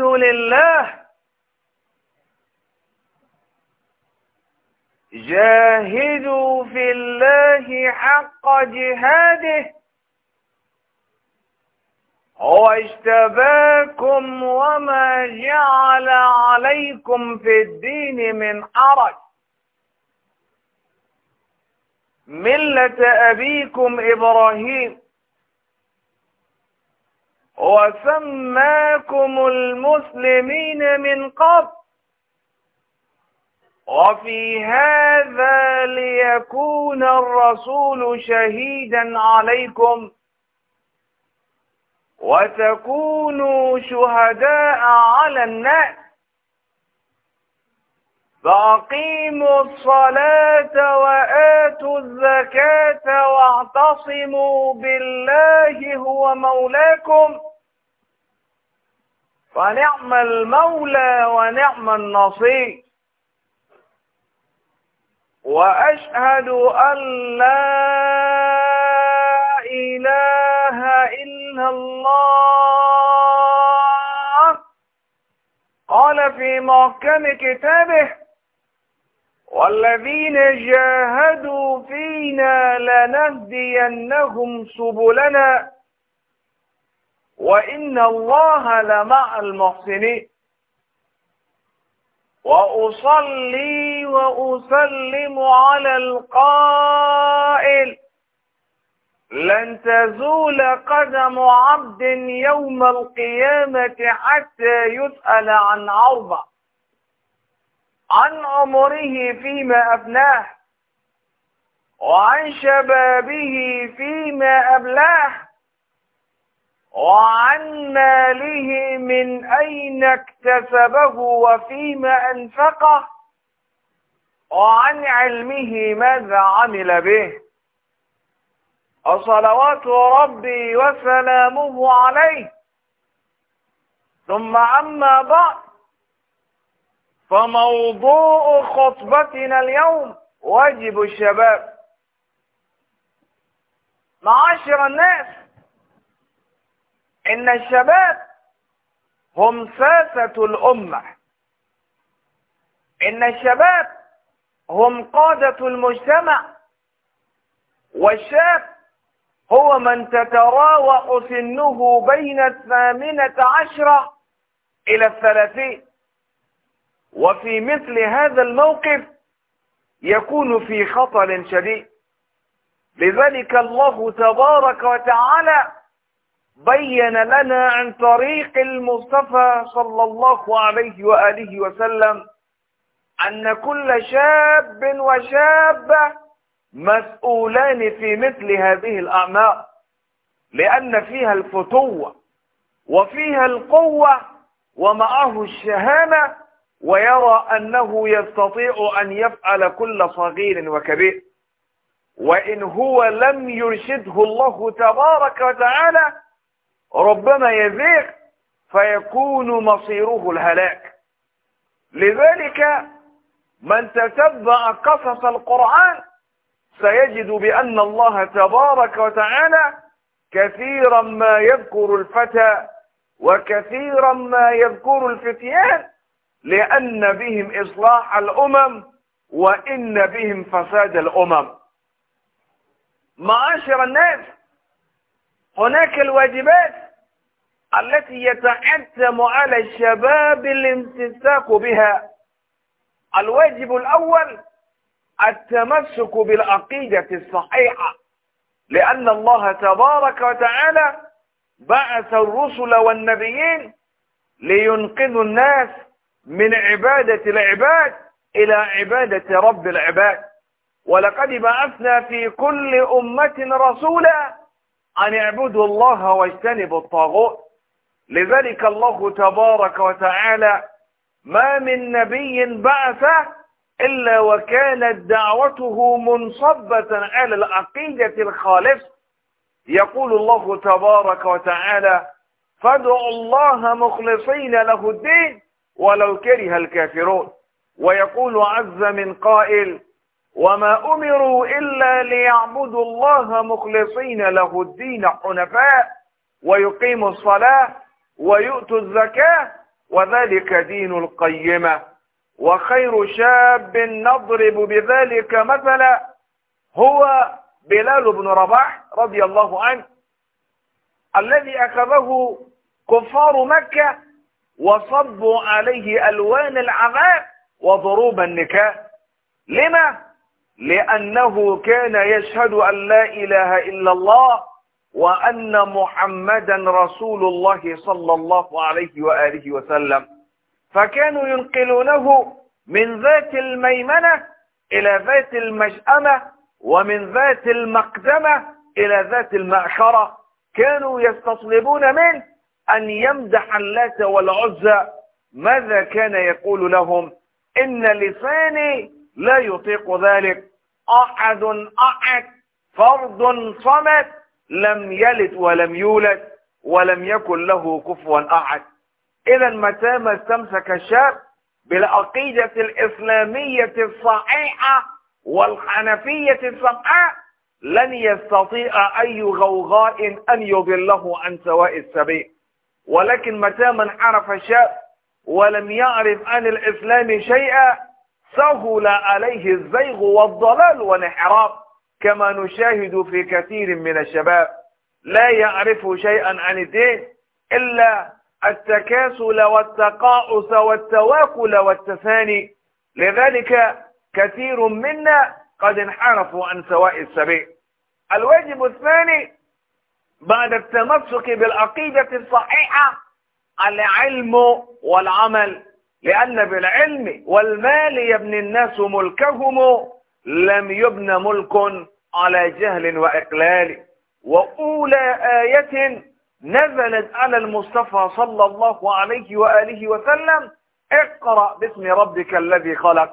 الحمد لله جاهدوا في الله حق جهاده هو اجتباكم وما جعل عليكم في الدين من حرج ملة أبيكم إبراهيم وسماكم المسلمين من قبل وفي هذا ليكون الرسول شهيدا عليكم وتكونوا شهداء على الناس فأقيموا الصلاة وآتوا الزكاة واعتصموا بالله هو مولاكم ونعم المولى ونعم النصير وأشهد أن لا إله إلا الله قال في محكم كتابه والذين جاهدوا فينا لنهدينهم سبلنا وإن الله لمع المحسنين وأصلي وأسلم على القائل لن تزول قدم عبد يوم القيامة حتى يسأل عن أربع عن عمره فيما أفناه وعن شبابه فيما أبلاه وعن ماله من أين اكتسبه وفيما أنفقه وعن علمه ماذا عمل به وصلوات ربي وسلامه عليه ثم أما بعد فموضوع خطبتنا اليوم واجب الشباب معاشر الناس إن الشباب هم ساسة الأمة إن الشباب هم قادة المجتمع والشاب هو من تتراوح سنه بين الثامنة عشرة إلى الثلاثين وفي مثل هذا الموقف يكون في خطر شديد لذلك الله تبارك وتعالى بين لنا عن طريق المصطفى صلى الله عليه وآله وسلم أن كل شاب وشابة مسؤولان في مثل هذه الأعمال لأن فيها الفتوة وفيها القوة ومعه الشهامة ويرى أنه يستطيع أن يفعل كل صغير وكبير وإن هو لم يرشده الله تبارك وتعالى ربما يذيع فيكون مصيره الهلاك لذلك من تتبع قصص القرآن سيجد بأن الله تبارك وتعالى كثيرا ما يذكر الفتى وكثيرا ما يذكر الفتيان لأن بهم إصلاح الأمم وإن بهم فساد الأمم معاشر الناس هناك الواجبات التي يتعتم على الشباب الامتساك بها الواجب الأول التمسك بالعقيدة الصحيحة لأن الله تبارك وتعالى بعث الرسل والنبيين لينقذوا الناس من عبادة العباد إلى عبادة رب العباد ولقد بعثنا في كل أمة رسولا أن اعبدوا الله واجتنبوا الطاغوت لذلك الله تبارك وتعالى ما من نبي بعث إلا وكانت دعوته منصبة على العقيدة الخالصة يقول الله تبارك وتعالى فادعوا الله مخلصين له الدين ولو كره الكافرون ويقول عز من قائل وما أمروا إلا ليعبدوا الله مخلصين له الدين حنفاء ويقيموا الصلاة ويؤتوا الزكاة وذلك دين القيمة وخير شاب نضرب بذلك مثلا هو بلال بن رباح رضي الله عنه الذي أخذه كفار مكة وصبوا عليه ألوان العذاب وضروب النكاة لما لأنه كان يشهد أن لا إله إلا الله وأن محمدا رسول الله صلى الله عليه وآله وسلم فكانوا ينقلونه من ذات الميمنة إلى ذات المشأمة ومن ذات المقدمة إلى ذات المأخرة كانوا يستصلبون منه أن يمدح اللات والعزى ماذا كان يقول لهم إن لساني لا يطيق ذلك أحد أحد فرد صمد لم يلد ولم يولد ولم يكن له كفوا أحد إذا متى ما استمسك الشاب بالعقيدة الإسلامية الصحيحة والحنفية الصحاء لن يستطيع أي غوغاء أن يضله عن سواء السبيل ولكن متى من عرف الشاب ولم يعرف عن الإسلام شيئا سهل عليه الزيغ والضلال والانحراف كما نشاهد في كثير من الشباب لا يعرف شيئا عن الدين إلا التكاسل والتقاعس والتواكل والتفاني لذلك كثير منا قد انحرفوا عن سواء السبيل الواجب الثاني بعد التمسك بالعقيدة الصحيحة العلم والعمل لأن بالعلم والمال يبني الناس ملكهم لم يبن ملك على جهل وإقلال وأولى آية نزلت على المصطفى صلى الله عليه وآله وسلم اقرأ باسم ربك الذي خلق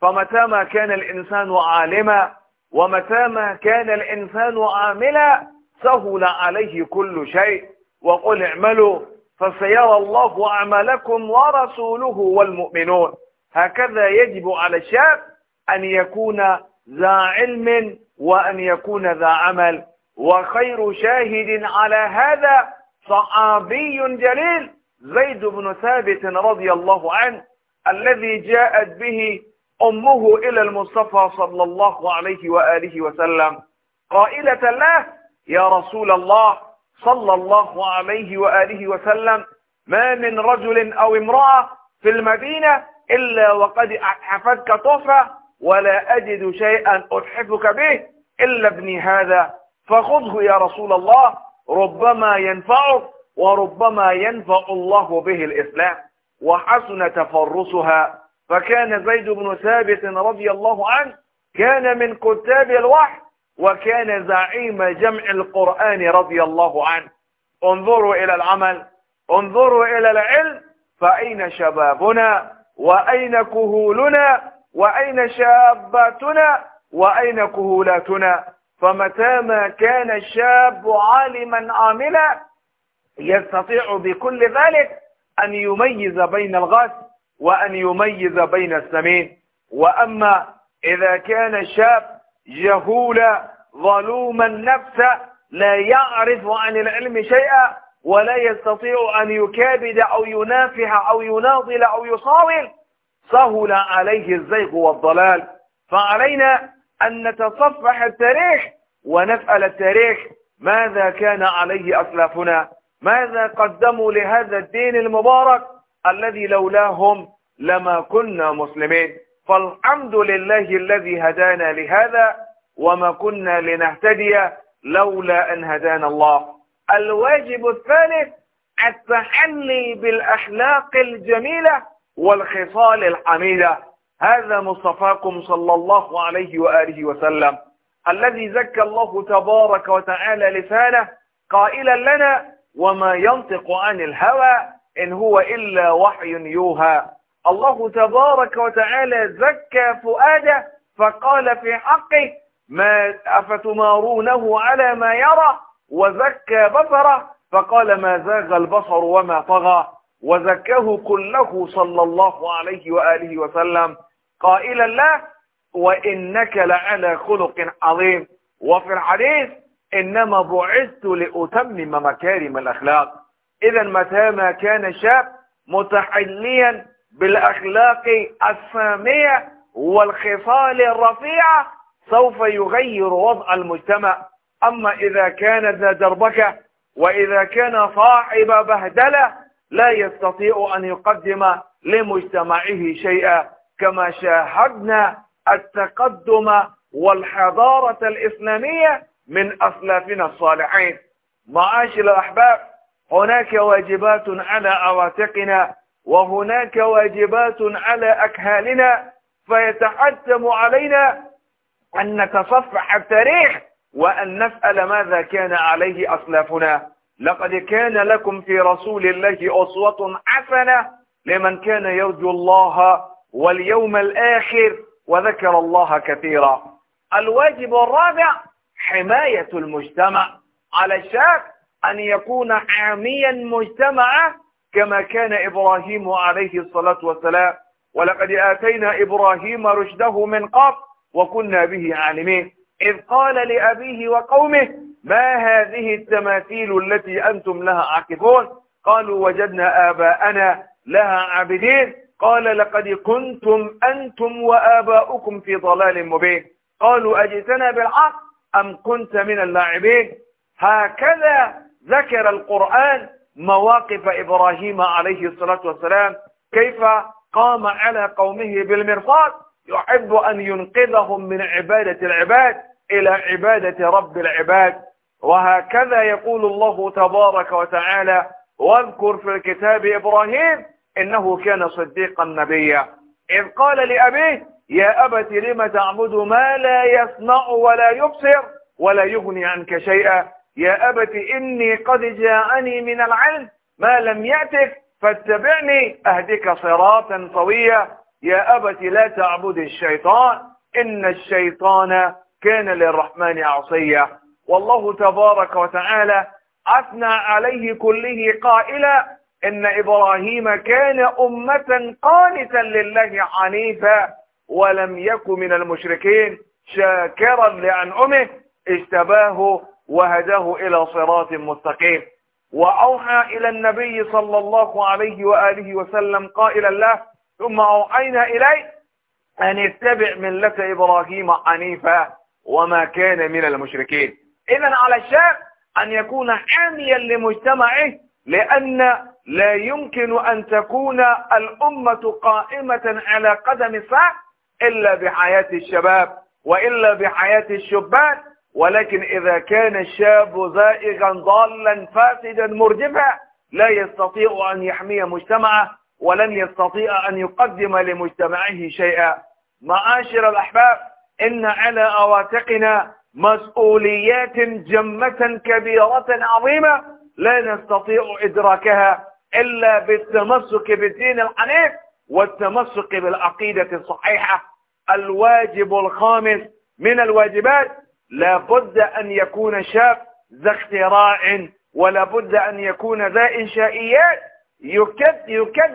فمتى ما كان الإنسان عالما ومتى ما كان الإنسان عاملا سهل عليه كل شيء وقل اعملوا فسيرى الله أعمالكم ورسوله والمؤمنون هكذا يجب على الشاب أن يكون ذا علم وأن يكون ذا عمل وخير شاهد على هذا صحابي جليل زيد بن ثابت رضي الله عنه الذي جاءت به أمه إلى المصطفى صلى الله عليه وآله وسلم قائلة له يا رسول الله صلى الله عليه وآله وسلم ما من رجل أو امرأة في المدينة إلا وقد أتحفتك طفة ولا أجد شيئا أتحفك به إلا ابني هذا فخذه يا رسول الله ربما ينفعك وربما ينفع الله به الإسلام وحسن تفرسها فكان زيد بن ثابت رضي الله عنه كان من كتاب الوحي وكان زعيم جمع القرآن رضي الله عنه انظروا إلى العمل انظروا إلى العلم فأين شبابنا وأين كهولنا وأين شاباتنا وأين كهولاتنا فمتى ما كان الشاب عالما عاملا يستطيع بكل ذلك أن يميز بين الغاث وأن يميز بين السمين وأما إذا كان الشاب جهول ظلوما النفس لا يعرف عن العلم شيئا ولا يستطيع أن يكابد أو ينافح أو يناضل أو يصاول سهل عليه الزيغ والضلال فعلينا أن نتصفح التاريخ ونسأل التاريخ ماذا كان عليه أسلافنا ماذا قدموا لهذا الدين المبارك الذي لولاهم لما كنا مسلمين فالحمد لله الذي هدانا لهذا وما كنا لنهتدي لولا أن هدانا الله الواجب الثالث التحلي بالأخلاق الجميلة والخصال الحميدة هذا مصطفاكم صلى الله عليه وآله وسلم الذي زكى الله تبارك وتعالى لسانه قائلا لنا وما ينطق عن الهوى إن هو إلا وحي يوهى الله تبارك وتعالى زكى فؤاده فقال في حقه ما أفتمارونه على ما يرى وزكى بصره فقال ما زاغ البصر وما طغى وزكاه كله صلى الله عليه وآله وسلم قائلا له وإنك لعلى خلق عظيم وفي الحديث إنما بعثت لأتمم مكارم الأخلاق إذا متى ما كان شاب متحليا بالأخلاق السامية والخصال الرفيعة سوف يغير وضع المجتمع أما إذا كان ذا دربكة وإذا كان صاحب بهدلة لا يستطيع أن يقدم لمجتمعه شيئا كما شاهدنا التقدم والحضارة الإسلامية من أسلافنا الصالحين معاشر الأحباب هناك واجبات على عواتقنا وهناك واجبات على أكهالنا فيتحتم علينا أن نتصفح التاريخ وأن نسأل ماذا كان عليه أسلافنا لقد كان لكم في رسول الله أسوة حسنة لمن كان يرجو الله واليوم الآخر وذكر الله كثيرا الواجب الرابع حماية المجتمع على الشاب أن يكون حاميا مجتمعه كما كان إبراهيم عليه الصلاة والسلام ولقد آتينا إبراهيم رشده من قبل وكنا به عالمين إذ قال لأبيه وقومه ما هذه التماثيل التي أنتم لها عاكفون قالوا وجدنا آباءنا لها عابدين قال لقد كنتم أنتم وآباؤكم في ضلال مبين قالوا أجئتنا بالحق أم كنت من اللاعبين هكذا ذكر القرآن مواقف إبراهيم عليه الصلاة والسلام كيف قام على قومه بالمرصاد يحب أن ينقذهم من عبادة العباد إلى عبادة رب العباد وهكذا يقول الله تبارك وتعالى واذكر في الكتاب إبراهيم إنه كان صديقا نبيا إذ قال لأبيه يا أبت لم تعبد ما لا يصنع ولا يبصر ولا يغني عنك شيئا يا أبت إني قد جاءني من العلم ما لم يأتك فاتبعني أهدك صراطا طويا يا أبت لا تعبد الشيطان إن الشيطان كان للرحمن عصيا والله تبارك وتعالى أثنى عليه كله قائلا إن إبراهيم كان أمة قانتا لله عنيفا ولم يك من المشركين شاكرا لأنعمه اجتباه وهداه إلى صراط مستقيم وأوحى إلى النبي صلى الله عليه وآله وسلم قائلا له ثم أوحينا إليه أن يتبع ملة إبراهيم حنيفا وما كان من المشركين إذا على الشاب أن يكون حاميا لمجتمعه لأن لا يمكن أن تكون الأمة قائمة على قدم الساق إلا بحياة الشباب وإلا بحياة الشبان ولكن إذا كان الشاب زائغا ضالا فاسدا مرجفا لا يستطيع أن يحمي مجتمعه ولن يستطيع أن يقدم لمجتمعه شيئا معاشر الأحباب إن على أواتقنا مسؤوليات جمة كبيرة عظيمة لا نستطيع إدراكها إلا بالتمسك بالدين الحنيف والتمسك بالعقيدة الصحيحة الواجب الخامس من الواجبات لا بد أن يكون شاب ذا اختراع ولا بد أن يكون ذا إنشائيات يكدح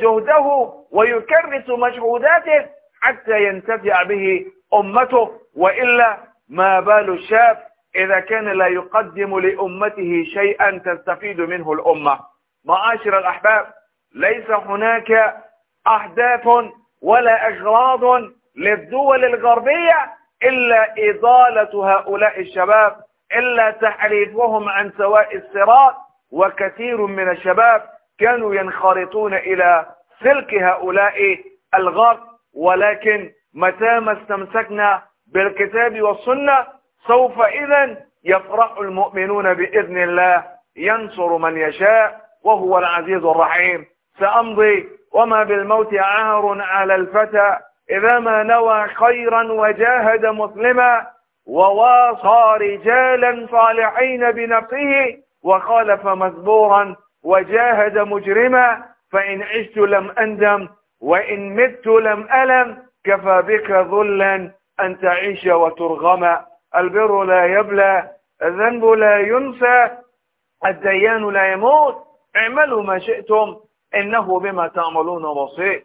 جهده ويكرس مجهوداته حتى ينتفع به أمته وإلا ما بال الشاب إذا كان لا يقدم لأمته شيئا تستفيد منه الأمة معاشر الأحباب ليس هناك أحداث ولا أغراض للدول الغربية إلا إضالة هؤلاء الشباب إلا تحريفهم عن سواء الصراط وكثير من الشباب كانوا ينخرطون إلى سلك هؤلاء الغرب ولكن متى ما استمسكنا بالكتاب والسنة سوف إذا يفرح المؤمنون بإذن الله ينصر من يشاء وهو العزيز الرحيم سأمضي وما بالموت عهر على الفتى إذا ما نوى خيرا وجاهد مسلما وواصى رجالا صالحين بنفسه وخالف مزبورا وجاهد مجرما فإن عشت لم أندم وإن مت لم ألم كفى بك ذلا أن تعيش وترغم البر لا يبلى الذنب لا ينسى الديان لا يموت اعملوا ما شئتم إنه بما تعملون بصير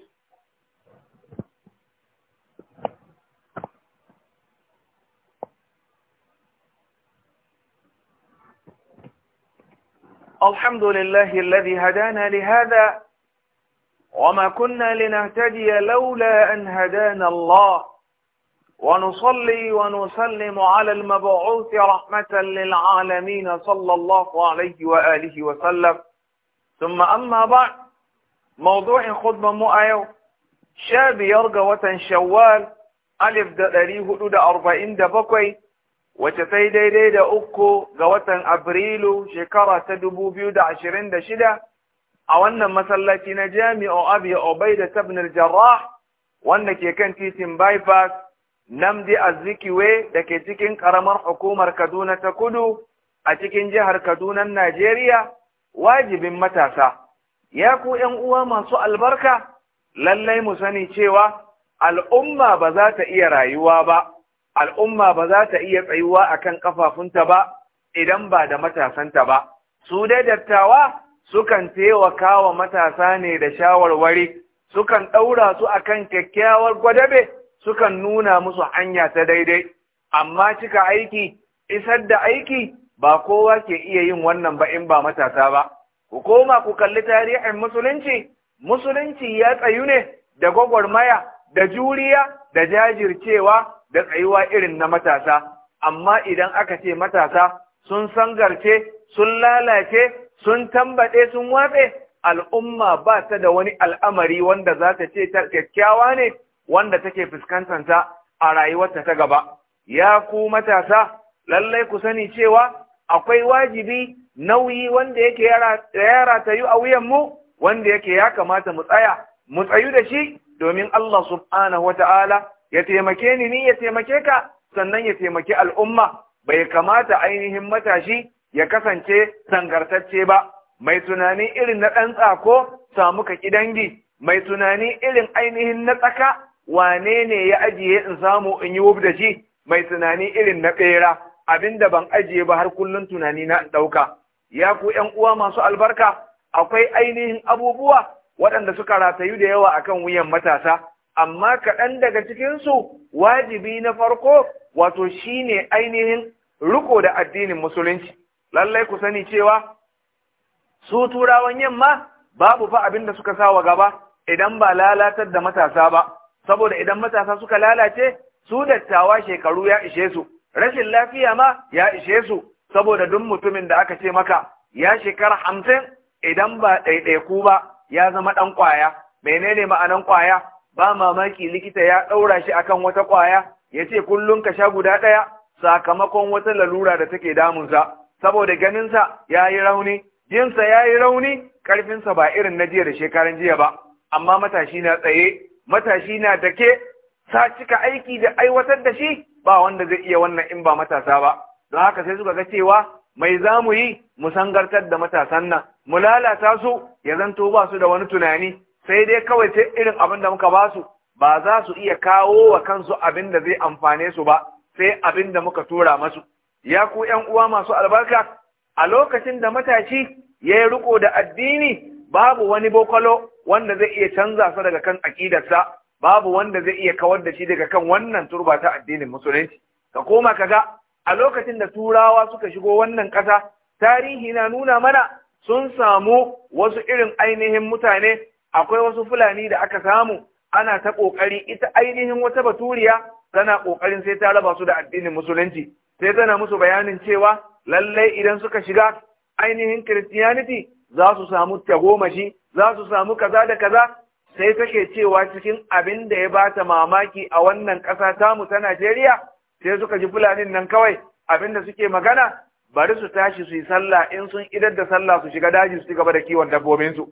الحمد لله الذي هدانا لهذا وما كنا لنهتدي لولا أن هدانا الله ونصلي ونسلم على المبعوث رحمة للعالمين صلى الله عليه وآله وسلم ثم أما بعد موضوع خطبة مؤيو شاب يرجى وتن شوال ألف دريه أربعين دبقوي wacce sai daidai da uku ga watan Afrilu shekara ta dubu biyu da ashirin da shida a wannan masallaci na jami'o abu obai da jarrah wanda ke kan titin bypass namdi azikiwe da ke cikin karamar hukumar kaduna ta kudu a cikin jihar kaduna najeriya wajibin matasa ya ku ‘yan uwa masu albarka lallai mu sani cewa al'umma ba za ta iya rayuwa ba al'umma ba za ta iya tsayuwa a akan ƙafafunta ba idan ba da matasanta ba su dai dattawa sukan taimaka wa matasa ne da shawarwari sukan ɗaura su a kan kyakkyawar gwadabe sukan nuna musu hanya ta daidai amma cika aiki isar da aiki ba kowa ke iya yin wannan ba in ba matasa ba ku koma ku kalli tarihin musulunci musulunci ya tsayu ne da gwagwarmaya da juriya da jajircewa da tsayuwa irin na matasa amma idan aka ce matasa sun sangarce sun lalace sun tambaɗe sun watse al'umma ba ta da wani al'amari wanda za ta ce ta kyakkyawa ne wanda take fuskantanta a rayuwarta ta gaba ya ku matasa lallai ku sani cewa akwai wajibi nauyi wanda yake yara ta yi a wuyanmu wanda yake ya kamata mu tsaya mu tsayu da shi domin Allah subhanahu wata'ala ya taimake ni ni ya taimake ka sannan ya taimaki al'umma bai kamata ainihin matashi ya kasance sangartacce ba mai tunani irin na ɗan tsako samu ka kidangi mai tunani irin ainihin na tsaka wane ne ya ajiye in samu in yi wuf da shi mai tunani irin na ɓera abinda ban ajiye ba har kullum tunani na ɗauka ya ku ƴan uwa masu albarka akwai ainihin abubuwa waɗanda suka ratayu da yawa akan wuyan matasa amma kaɗan daga cikinsu wajibi na farko wato shine ainihin riko da addinin musulunci lallai ku sani cewa su turawan yamma babu fa abin da suka sawa gaba idan ba lalatar da matasa ba saboda idan matasa suka lalace su dattawa shekaru ya ishe su rashin lafiya ma ya ishe su saboda duk mutumin da aka ce maka ya shekara hamsin idan ba ɗaiɗaiku ba ya zama ɗan ƙwaya menene ma'anan ƙwaya ba mamaki likita ya ɗaura shi akan wata ƙwaya ya ce kullum ka sha guda ɗaya sakamakon wata lalura da take damunsa saboda ganinsa ya yi rauni jinsa ya yi rauni ƙarfinsa ba irin na jiya da shekaran jiya ba amma matashi na tsaye matashi na dake sa cika aiki da aiwatar da shi ba wanda zai iya wannan in ba matasa ba don haka sai suka ga cewa mai za mu yi mu sangartar da matasan nan mu lalata su ya zanto ba su da wani tunani sai dai kawai sai irin abin da muka ba su ba za su iya kawo wa kansu abin da zai amfane su ba sai abin da muka tura masu ya ku ƴan uwa masu albarka a lokacin da matashi ya yi riko da addini babu wani bokolo wanda zai iya canza su daga kan aƙidarsa babu wanda zai iya kawar da shi daga kan wannan turba ta addinin musulunci ka koma kaga a lokacin da turawa suka shigo wannan ƙasa tarihi na nuna mana sun samu wasu irin ainihin mutane akwai wasu fulani da aka samu ana ta ƙoƙari ita ainihin wata baturiya tana ƙoƙarin sai ta raba su da addinin musulunci sai tana musu bayanin cewa lallai idan suka shiga ainihin christianity za su samu tagomashi za su samu kaza da kaza sai take cewa cikin abin da ya bata mamaki a wannan ƙasa tamu ta Najeriya sai suka ji fulanin nan kawai abin da suke magana bari su tashi su yi sallah in sun idar da sallah su shiga daji su gaba da kiwon dabbobinsu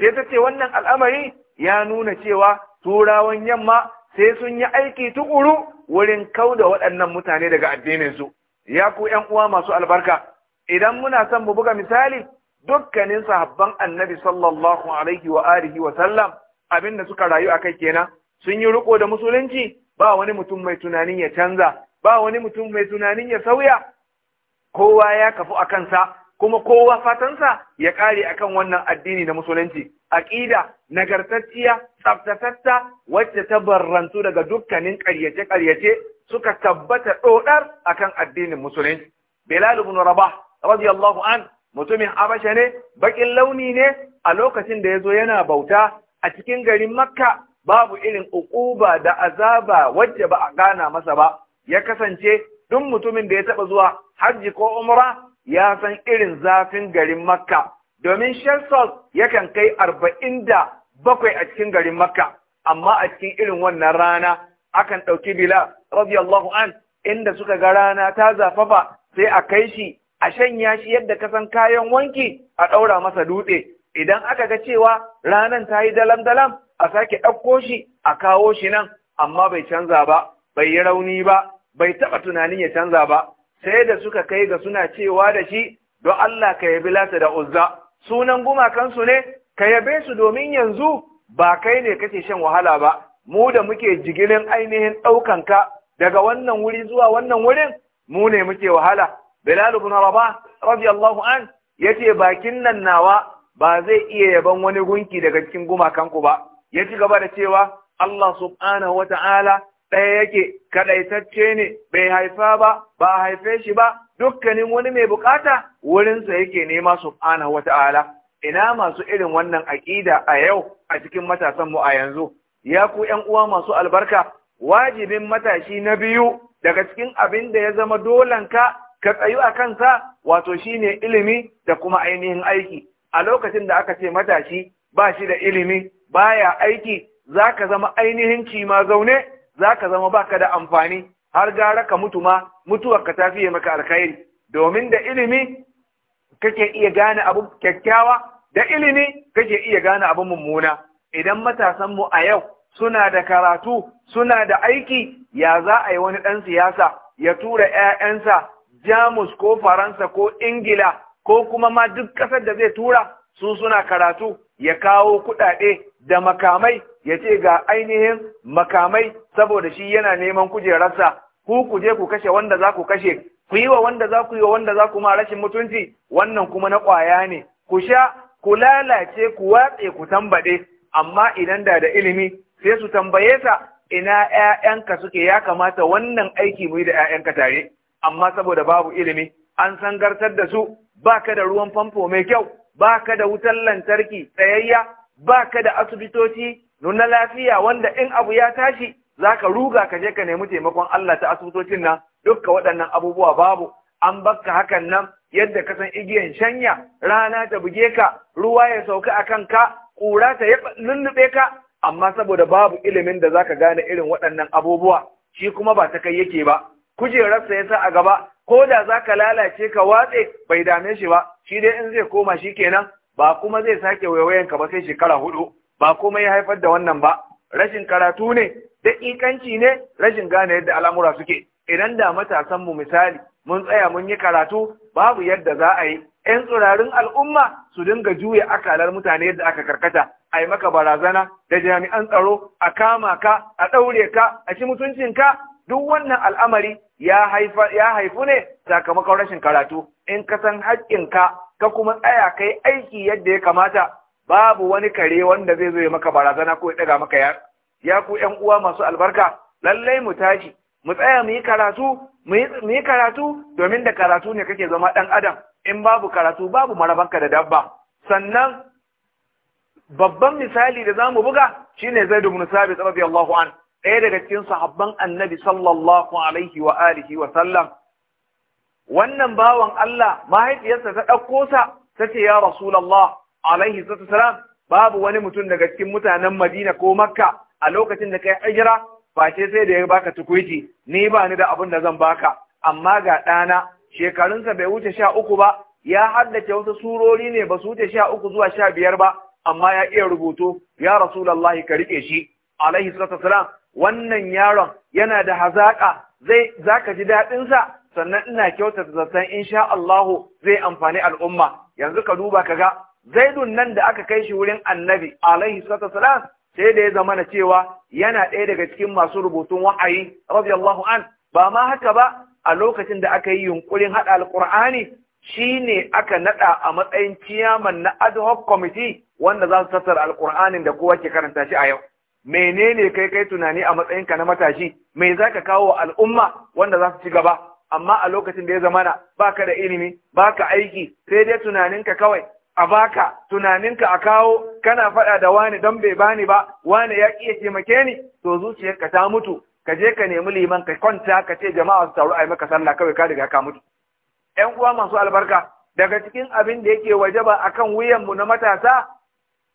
sai ta ce wannan al'amari ya nuna cewa turawan yamma sai sun yi aiki tukuru wurin kau da waɗannan mutane daga addininsu ya ku ’yan uwa masu albarka idan muna son mu buga misali dukkanin sahabban annabi sallallahu alaihi wa alihi wa sallam abin da suka rayu a kai kenan sun yi riko da musulunci ba wani mutum mai tunanin ya canza ba wani mutum mai tunanin ya sauya kowa ya kafu a kansa kuma kowa fatansa ya kare akan wannan addini na musulunci aqida nagartacciya tsaftatatta wacce ta barrantu daga dukkanin ƙaryace-ƙaryace suka tabbata dodar akan addinin musulunci bilal ibn rabah radiyallahu an mutumin abasha ne Baƙin launi ne a lokacin da ya zo yana bauta a cikin garin makka babu irin ukuba da azaba wacce ba a gana masa ba ya kasance duk mutumin da ya taɓa zuwa hajji ko umra ya san irin zafin garin makka domin shelsol yakan kai arba'in da bakwai a cikin garin makka amma a cikin irin wannan rana akan ɗauki bila radiyallahu an inda suka ga rana ta zafafa sai a kai shi a shanya shi yadda ka san kayan wanki a ɗaura masa dutse idan aka ga cewa ranan ta yi dalam-dalam a sake ɗauko shi a kawo shi nan amma bai canza ba bai yi rauni ba bai taɓa tunanin ya canza ba sai da suka kai ga suna cewa da shi don Allah ka yabi lata da uzza sunan gumakan su ne ka yabe su domin yanzu ba kai ne kake shan wahala ba mu da muke jigilin ainihin ɗaukan ka daga wannan wuri zuwa wannan wurin mu ne muke wahala bilal ibn rabah radiyallahu an yace bakin nan nawa ba zai iya yaban wani gunki daga cikin gumakanku ba ya ci gaba da cewa Allah subhanahu wata'ala ɗaya yake kaɗaitacce ne bai haifa ba ba a haife shi ba dukkanin wani mai bukata wurinsa yake nema subhanahu ta'ala ina masu irin wannan aƙida a yau a cikin matasan mu a yanzu ya ku ƴan uwa masu albarka wajibin matashi na biyu daga cikin abin da ya zama dolanka ka tsayu a kansa wato shine ilimi da kuma ainihin aiki a lokacin da aka ce matashi ba shi da ilimi baya aiki zaka zama ainihin cima zaune za ka zama baka da amfani har gara ka mutu ma mutuwar ka ta fiye maka alkhairi domin da ilimi kake iya gane abu kyakkyawa da ilimi kake iya gane abu mummuna idan matasan mu a yau suna da karatu suna da aiki ya za a yi wani ɗan siyasa ya tura 'ya'yansa jamus ko faransa ko ingila ko kuma ma duk ƙasar da zai tura su suna karatu ya kawo kuɗaɗe da makamai ya ce ga ainihin makamai saboda shi yana neman kujerarsa ku ku je ku kashe wanda za ku kashe ku yi wa wanda za ku yi wa wanda za ku ma rashin mutunci wannan kuma na ƙwaya ne ku sha ku lalace ku watse ku tambaɗe amma idan da da ilimi sai su tambaye ta ina ‘ya'yanka suke ya kamata wannan aiki mu yi da ‘ya'yanka tare amma saboda babu ilimi an san gartar da su baka da ruwan famfo mai kyau baka da wutar lantarki tsayayya ba ka da asibitoci nuna lafiya wanda in abu ya tashi za ka ruga ka je ka nemi taimakon Allah ta asibitocin nan dukka waɗannan abubuwa babu an baka hakan nan yadda ka san igiyan shanya rana ta buge ka ruwa ya sauka a kanka ƙura ta ya lullube ka amma saboda babu ilimin da za ka gane irin waɗannan abubuwa shi kuma ba ta kai yake ba kujerarsa ya sa a gaba ko da za ka lalace ka watse bai dame shi ba shi dai in zai koma shi kenan ba kuma zai sake waiwayen ka ba sai shekara hudu ba kuma ya haifar da wannan ba rashin karatu ne da ikanci ne rashin gane yadda al'amura suke idan da matasan mu misali mun tsaya mun yi karatu babu yadda za a yi ‘yan tsirarin al'umma su dinga juya akalar mutane yadda aka karkata, a yi maka barazana da jami'an tsaro a kama ka, a ɗaure ka, a ci ka, duk wannan al'amari ya haifu ne sakamakon rashin karatu, in ka san haƙƙinka ka kuma tsaya kai aiki yadda ya kamata babu wani kare wanda zai zo ya maka barazana ko ya daga maka ya ya ku ƴan uwa masu albarka lallai mu tashi mu tsaya mu yi karatu mu yi karatu domin da karatu ne kake zama ɗan adam in babu karatu babu marabanka da dabba sannan babban misali da zamu buga shine Zaid ibn Sabit radiyallahu an ɗaya daga cikin sahabban Annabi sallallahu alaihi wa alihi wa sallam wannan bawan Allah mahaifiyarsa ta ɗauko sa ta ce ya Rasulallah alaihi salam babu wani mutum daga cikin mutanen Madina ko Makka a lokacin da kai hijira ce sai da ya baka tukuici ni ba ni da abin da zan baka amma ga ɗana shekarunsa bai wuce sha uku ba ya haddace wasu surori ne ba su wuce sha uku zuwa sha biyar ba amma ya iya rubutu ya Rasulallah ka riƙe shi alaihi salam wannan yaron yana da hazaƙa zai zaka ji daɗinsa sannan ina kyautata zaton insha Allahu zai amfani al'umma yanzu ka duba ka ga zaidun nan da aka kai shi wurin annabi alaihi salatu salam sai da ya zama na cewa yana ɗaya daga cikin masu rubutun wa'ayi radiyallahu an ba ma haka ba a lokacin da aka yi yunkurin haɗa shi shine aka naɗa a matsayin ciyaman na ad hoc committee wanda za su tattara alƙur'anin da kowa ke karanta shi a yau menene kai kai tunani a matsayinka na matashi me za ka kawo al'umma wanda za su ci gaba amma a lokacin da ya zamana baka da ilimi baka aiki sai dai tunaninka kawai a baka tunaninka a kawo kana faɗa da wani don bai bani ba wani ya ƙi taimake ni to zuciyarka ta mutu ka je ka nemi liman ka kwanta ka ce jama'a su taru a yi maka sallah kawai ka riga ka mutu ƴan uwa masu albarka daga cikin abin da yake wajaba akan wuyan mu na matasa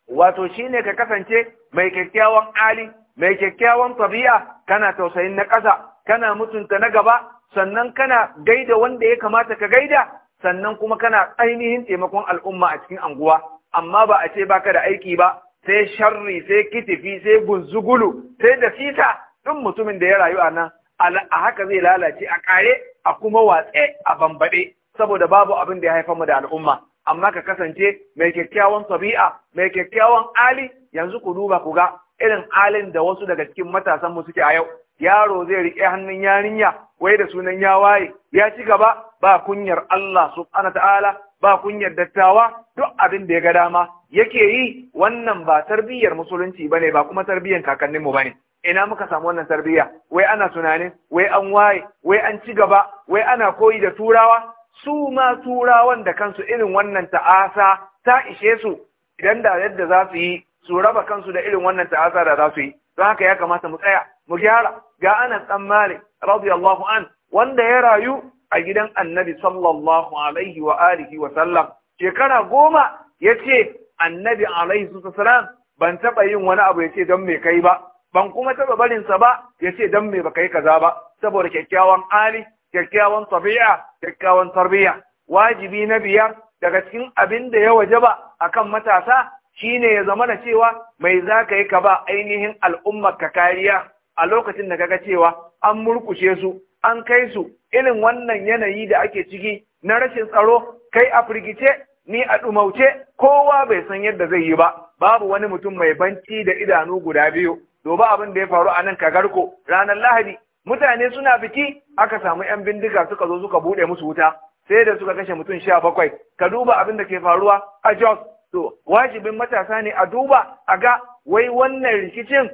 wato shine ka kasance mai kyakkyawan ali mai kyakkyawan tabi'a kana tausayin na ƙasa kana mutunta na gaba sannan kana gaida wanda ya kamata ka gaida sannan kuma kana ainihin taimakon al'umma a cikin anguwa amma ba a ce baka da aiki ba sai sharri sai kitifi sai gunzugulu sai da fita ɗin mutumin da ya rayu a nan a haka zai lalace a kare a kuma watse a bambaɗe saboda babu abin da ya haifar mu da al'umma amma ka kasance mai kyakkyawan tabi'a mai kyakkyawan ali yanzu ku duba ku ga irin halin da wasu daga cikin matasanmu suke a yau yaro zai riƙe hannun yarinya wai da sunan ya waye ya ci gaba ba kunyar Allah subhanahu ta'ala ba kunyar dattawa duk abin da ya ga dama yake yi wannan ba tarbiyyar musulunci bane ba kuma tarbiyyar kakanninmu bane ina muka samu wannan tarbiyya wai ana tunanin wai an waye wai an ci gaba wai ana koyi da turawa su ma turawan da kansu irin wannan ta'asa ta ishe su idan da yadda za su yi su raba kansu da irin wannan ta'asa da za su yi don haka ya kamata mu tsaya mu gyara ga Anas dan Malik radiyallahu an wanda ya rayu a gidan Annabi sallallahu alaihi wa alihi wa sallam shekara goma yace Annabi alaihi wasallam ban taba yin wani abu yace dan me kai ba ban kuma taba barin sa ba yace dan me baka yi kaza ba saboda kyakkyawan ali kyakkyawan tabi'a kyakkyawan tarbiya wajibi na biyar daga cikin abin da ya wajaba akan matasa shine ya zama na cewa mai zaka yi ka ba ainihin al'ummar ka kariya a lokacin da kaga cewa an murkushe su an kai su irin wannan yanayi da ake ciki na rashin tsaro kai a firgice ni a dumauce kowa bai san yadda zai yi ba babu wani mutum mai banci da idanu guda biyu doba abin da ya faru a nan kagarko ranar lahadi mutane suna biki aka samu yan bindiga suka zo suka buɗe musu wuta sai da suka kashe mutum sha bakwai ka duba abin da ke faruwa a jos to wajibin matasa ne a duba a ga wai wannan rikicin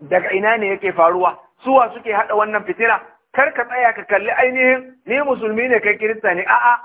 daga ina ne yake faruwa Su wa suke hada wannan fitina kar ka tsaya ka kalli ainihin ni musulmi ne kai kirista ne a'a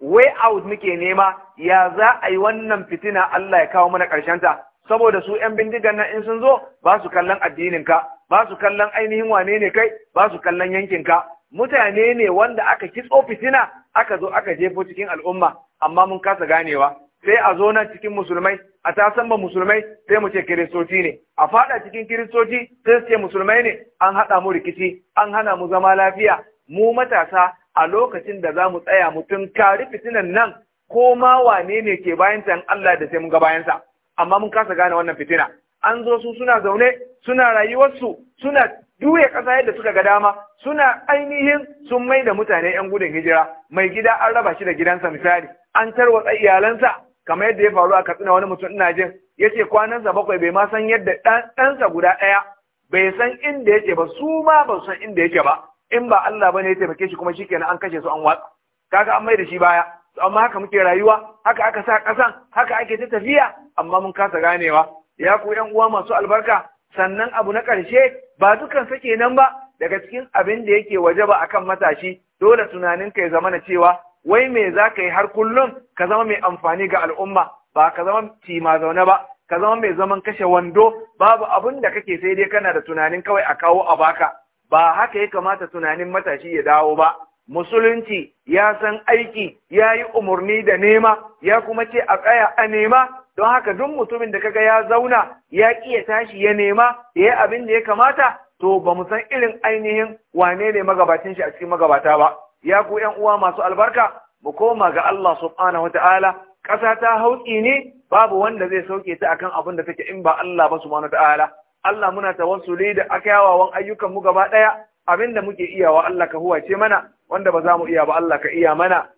way out muke nema ya za a yi wannan fitina Allah ya kawo mana karshen ta saboda su yan bindigan nan in sun zo ba su kallon addinin ka ba su kallon ainihin wane ne kai ba su kallon yankin ka mutane ne wanda aka kitso fitina aka zo aka jefo cikin al'umma amma mun kasa ganewa sai a zo nan cikin musulmai a tasan ba musulmai sai mu ce kiristoci ne a faɗa cikin kiristoci sai su ce musulmai ne an haɗa mu rikici an hana mu zama lafiya mu matasa a lokacin da za mu tsaya mutum kari fitinan nan ko ma wane ne ke bayan tan Allah da sai mun ga bayansa amma mun kasa gane wannan fitina an zo su suna zaune suna rayuwarsu suna duya ƙasa yadda suka ga dama suna ainihin sun mai da mutane 'yan gudun hijira mai gida an raba shi da gidansa misali an tarwatsa iyalansa kamar yadda ya faru a katsina wani mutum ina jin ya ce kwanansa bakwai bai ma san yadda ɗansa guda ɗaya bai san inda yake ba su ma ba san inda yake ba in ba Allah bane ya taimake shi kuma shi kenan an kashe su an watsa kaga an mai da shi baya amma haka muke rayuwa haka aka sa ƙasan haka ake ta tafiya amma mun kasa ganewa ya ku ƴan uwa masu albarka sannan abu na ƙarshe ba dukan sake nan ba daga cikin abin da yake waje ba akan matashi dole tunanin kai zamana cewa wai me za ka yi har kullum ka zama mai amfani ga al'umma ba ka zama tima zaune ba ka zama mai zaman kashe wando babu abin da kake sai dai kana da tunanin kawai a kawo a baka ba haka ya kamata tunanin matashi ya dawo ba musulunci ya san aiki ya yi umarni da nema ya kuma ce a tsaya a nema don haka duk mutumin da kaga ya zauna ya iya tashi ya nema ya yi abin da ya kamata to ba mu san irin ainihin wane ne magabacin shi a cikin magabata ba ya ku ‘yan uwa masu albarka, mu koma ga Allah subhanahu ta'ala, ƙasa ta hauƙi ne babu wanda zai sauke ta akan abin da take in ba Allah ba subhanahu ta'ala. Allah muna tawassuli da aka ayyukan mu gaba ɗaya, abin da muke iyawa Allah ka huwace mana, wanda ba za mu iya ba Allah ka iya mana.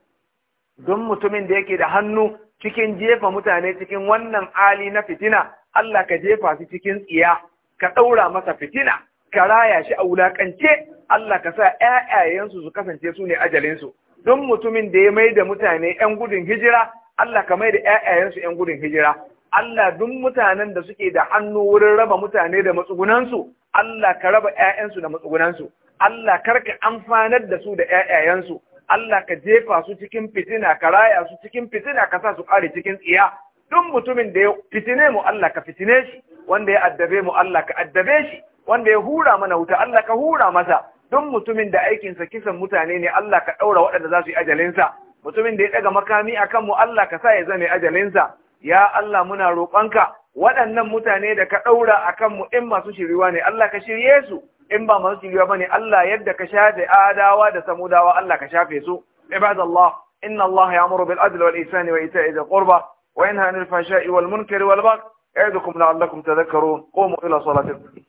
Don mutumin da yake da hannu cikin jefa mutane cikin wannan hali na fitina, Allah ka jefa su cikin tsiya, ka ɗaura masa fitina. Karaya shi a wulakance Allah ka sa ƴaƴayensu su kasance su ne ajalinsu don mutumin da ya mai da mutane ƴan gudun hijira Allah ka mai da ƴaƴayensu yan gudun hijira Allah duk mutanen da suke da hannu wurin raba mutane da matsugunansu Allah ka raba yayansu da matsugunansu Allah karka amfanar da su da yayayansu Allah ka jefa su cikin fitina ka raya su cikin fitina ka sa su ƙare cikin tsiya duk mutumin da ya fitine mu Allah ka fitine shi wanda ya addabe mu Allah ka addabe shi wanda ya hura mana wuta Allah ka hura masa duk mutumin da aikinsa kisan mutane ne Allah ka ɗaura waɗanda za su yi ajalinsa mutumin da ya ɗaga makami a kanmu Allah ka sa ya zane ajalinsa ya Allah muna roƙonka waɗannan mutane da ka ɗaura a kanmu in masu shiriwa ne Allah ka shirye su in ba masu shiriwa ba ne Allah yadda ka shafe adawa da samudawa Allah ka shafe su ibadallah inna Allah ya'muru bil adli wal ihsani wa ita'i dhil qurba wa yanha 'anil fahsha'i wal munkari لعلكم تذكرون قوموا إلى صلاتكم